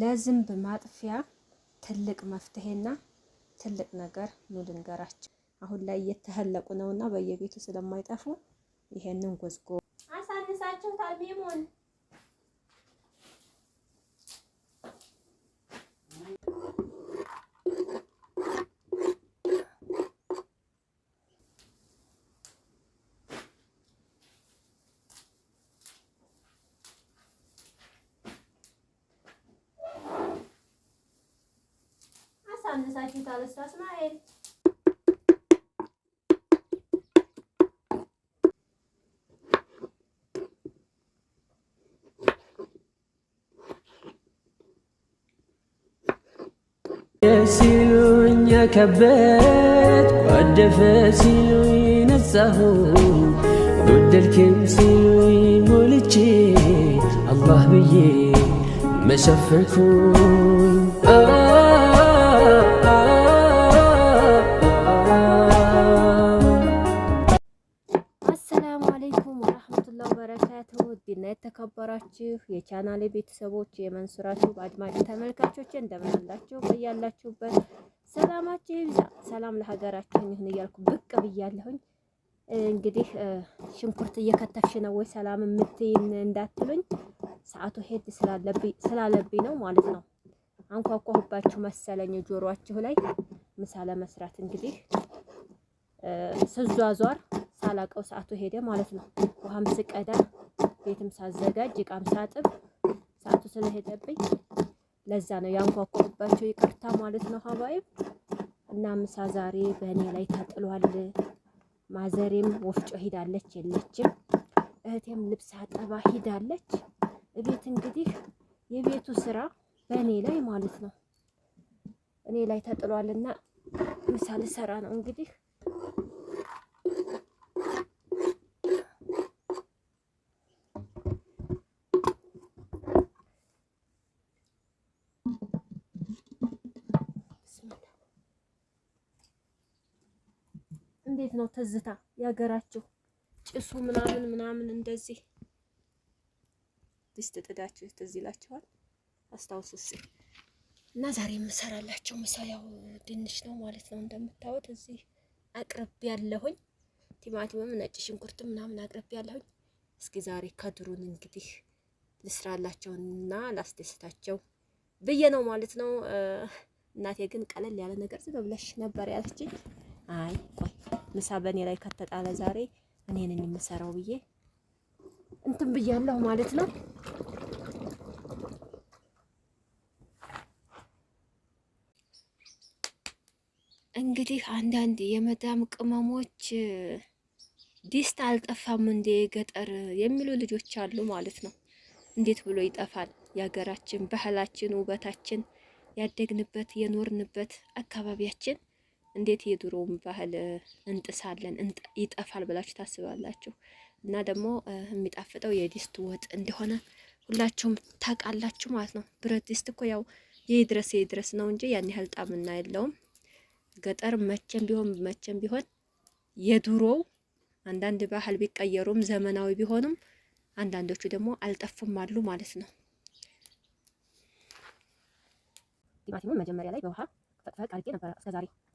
ለዝንብ ማጥፊያ ትልቅ መፍትሄና ትልቅ ነገር ኑ አሁን ላይ እየተህለቁ ነውና በየቤቱ ስለማይጠፉ ይሄንን ጎዝጎ ተነሳሽን ታለስታ እስማኤል ሲሉኝ ከበት ጓደፈ ሲሉኝ ነጻሁ ጎደልክም ሲሉኝ ሞልቼ አላህ ብዬ መሸፈንኩኝ የተወደዳችሁ የቻናሌ ቤተሰቦች የመንሱራችሁ አድማጭ ተመልካቾች እንደምን አላችሁ? በያላችሁበት ሰላማችሁ ይብዛ። ሰላም ለሀገራችን ይሁን እያልኩ ብቅ ብያለሁኝ። እንግዲህ ሽንኩርት እየከተፍሽ ነው ወይ ሰላም የምትይን እንዳትሉኝ፣ ሰዓቱ ሄድ ስላለብኝ ነው ማለት ነው። አንኳኳሁባችሁ መሰለኝ ጆሮአችሁ ላይ። ምሳ ለመስራት እንግዲህ ስዟዟር ሳላቀው ሰዓቱ ሄደ ማለት ነው። ውሃም ስቀዳ ቤትም ሳዘጋጅ እቃም ሳጥብ ሰዓቱ ስለሄደብኝ ለዛ ነው ያንኳኳሁባቸው፣ ይቅርታ ማለት ነው ሀባይም እና ምሳ ዛሬ በእኔ ላይ ታጥሏል። ማዘሬም ወፍጮ ሂዳለች የለችም፣ እህቴም ልብስ አጠባ ሂዳለች። እቤት እንግዲህ የቤቱ ስራ በእኔ ላይ ማለት ነው እኔ ላይ ተጥሏልና ምሳ ልሰራ ነው እንግዲህ እንዴት ነው ትዝታ ያገራችሁ ጭሱ ምናምን ምናምን እንደዚህ ድስት ጥዳችሁ ትዝ ይላችኋል። አስታውሱ እና ዛሬ የምሰራላቸው ምሳ ያው ድንች ነው ማለት ነው። እንደምታዩት እዚህ አቅርብ ያለሁኝ ቲማቲምም ነጭ ሽንኩርትም ምናምን አቅርብ ያለሁኝ። እስኪ ዛሬ ከድሩን እንግዲህ ልስራላቸውና ላስደስታቸው ብዬ ነው ማለት ነው። እናቴ ግን ቀለል ያለ ነገር ዝም ብለሽ ነበር ያለችኝ። አይ ቆይ ምሳ በእኔ ላይ ከተጣለ ዛሬ እኔን የምሰራው ብዬ እንትን ብያለሁ ማለት ነው። እንግዲህ አንዳንድ የመዳም ቅመሞች ዲስት አልጠፋም እንዴ ገጠር የሚሉ ልጆች አሉ ማለት ነው። እንዴት ብሎ ይጠፋል? የሀገራችን ባህላችን፣ ውበታችን፣ ያደግንበት የኖርንበት አካባቢያችን እንዴት የድሮውን ባህል እንጥሳለን ይጠፋል ብላችሁ ታስባላችሁ? እና ደግሞ የሚጣፍጠው የድስት ወጥ እንደሆነ ሁላችሁም ታውቃላችሁ ማለት ነው። ብረት ድስት እኮ ያው የድረስ ድረስ ነው እንጂ ያን ያህል ጣምና የለውም። ገጠር መቼም ቢሆን መቼም ቢሆን የድሮው አንዳንድ ባህል ቢቀየሩም ዘመናዊ ቢሆንም አንዳንዶቹ ደግሞ አልጠፉም አሉ ማለት ነው። ቲማቲሙን መጀመሪያ ላይ በውሃ ፈቅፈቅ አድርጌ ነበር እስከዛሬ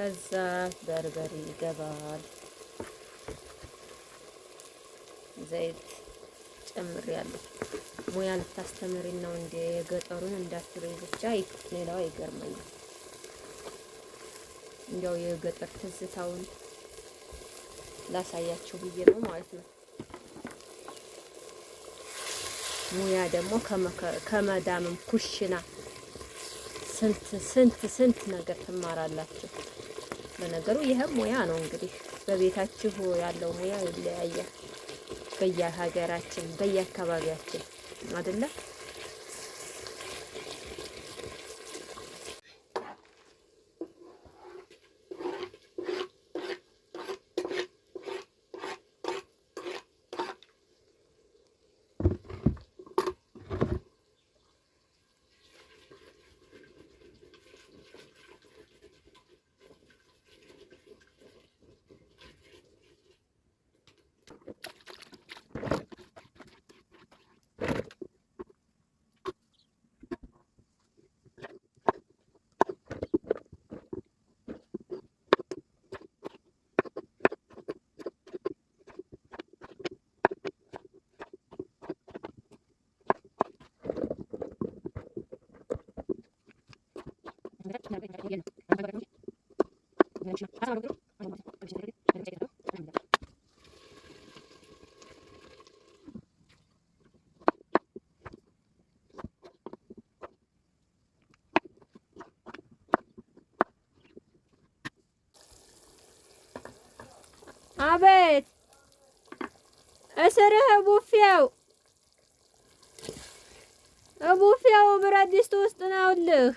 ከዛ በርበሬ ይገባል። ዘይት ጨምር ያለው ሙያ ልታስተምሪ ነው እንደ ገጠሩን እንዳትሪ ብቻ ሌላው አይገርመኝም። እንዲያው የገጠር ትዝታውን ላሳያችሁ ብዬ ነው ማለት ነው። ሙያ ደግሞ ከመዳምም ኩሽና ስንት ስንት ስንት ነገር ትማራላችሁ። ለነገሩ ይህም ሙያ ነው እንግዲህ በቤታችሁ ያለው ሙያ ይለያያል። በየሀገራችን በየአካባቢያችን አይደለም አቤት እስርህ ቡፌው ቡፌው ብረት ድስት ውስጥ ነውልህ።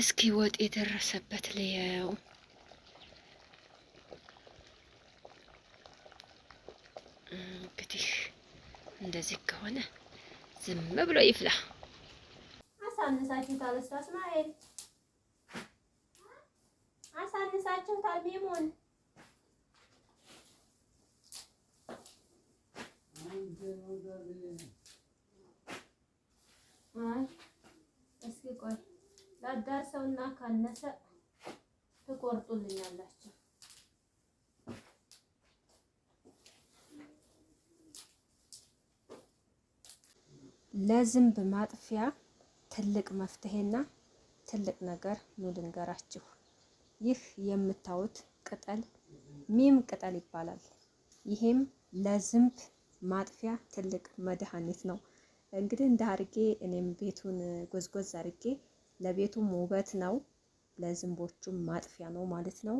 እስኪ ወጥ የደረሰበት ልየው። እንግዲህ እንደዚህ ከሆነ ዝም ብሎ ይፍላ። አሳንሳችሁታል፣ እስታ እስማኤል አሳንሳችሁታል። ሚሙን ለአዳር ሰውና ካነሰ ትቆርጡልኛላችሁ። ለዝንብ ማጥፊያ ትልቅ መፍትሄና ትልቅ ነገር ኑ ልንገራችሁ። ይህ የምታዩት ቅጠል ሚም ቅጠል ይባላል። ይሄም ለዝንብ ማጥፊያ ትልቅ መድኃኒት ነው። እንግዲህ እንደ አርጌ እኔም ቤቱን ጎዝጎዝ አርጌ ለቤቱም ውበት ነው፣ ለዝንቦቹም ማጥፊያ ነው ማለት ነው።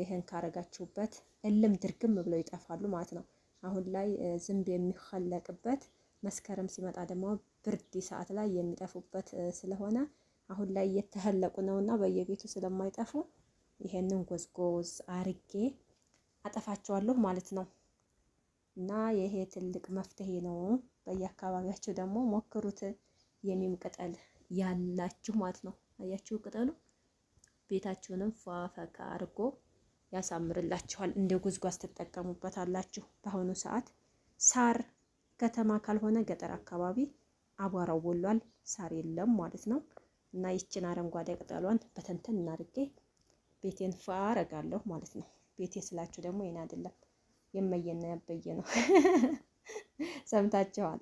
ይህን ካረጋችሁበት እልም ድርግም ብለው ይጠፋሉ ማለት ነው። አሁን ላይ ዝንብ የሚፈለቅበት መስከረም ሲመጣ ደግሞ ብርድ ሰዓት ላይ የሚጠፉበት ስለሆነ አሁን ላይ እየተፈለቁ ነውና በየቤቱ ስለማይጠፉ ይሄንን ጎዝጎዝ አርጌ አጠፋቸዋለሁ ማለት ነው። እና ይሄ ትልቅ መፍትሄ ነው። በየአካባቢያቸው ደግሞ ሞክሩት የሚም ቅጠል ያላችሁ ማለት ነው። አያችሁ ቅጠሉ ቤታችሁንም ፏፈካ አድርጎ ያሳምርላችኋል። እንደ ጉዝጓዝ ትጠቀሙበታላችሁ። በአሁኑ ሰዓት ሳር ከተማ ካልሆነ ገጠር አካባቢ አቧራው ቦሏል፣ ሳር የለም ማለት ነው። እና ይችን አረንጓዴ ቅጠሏን በተንተን እናርጌ ቤቴን ፏ አረጋለሁ ማለት ነው። ቤቴ ስላችሁ ደግሞ ይሄን አይደለም የመየና ያበየ ነው። ሰምታችኋል።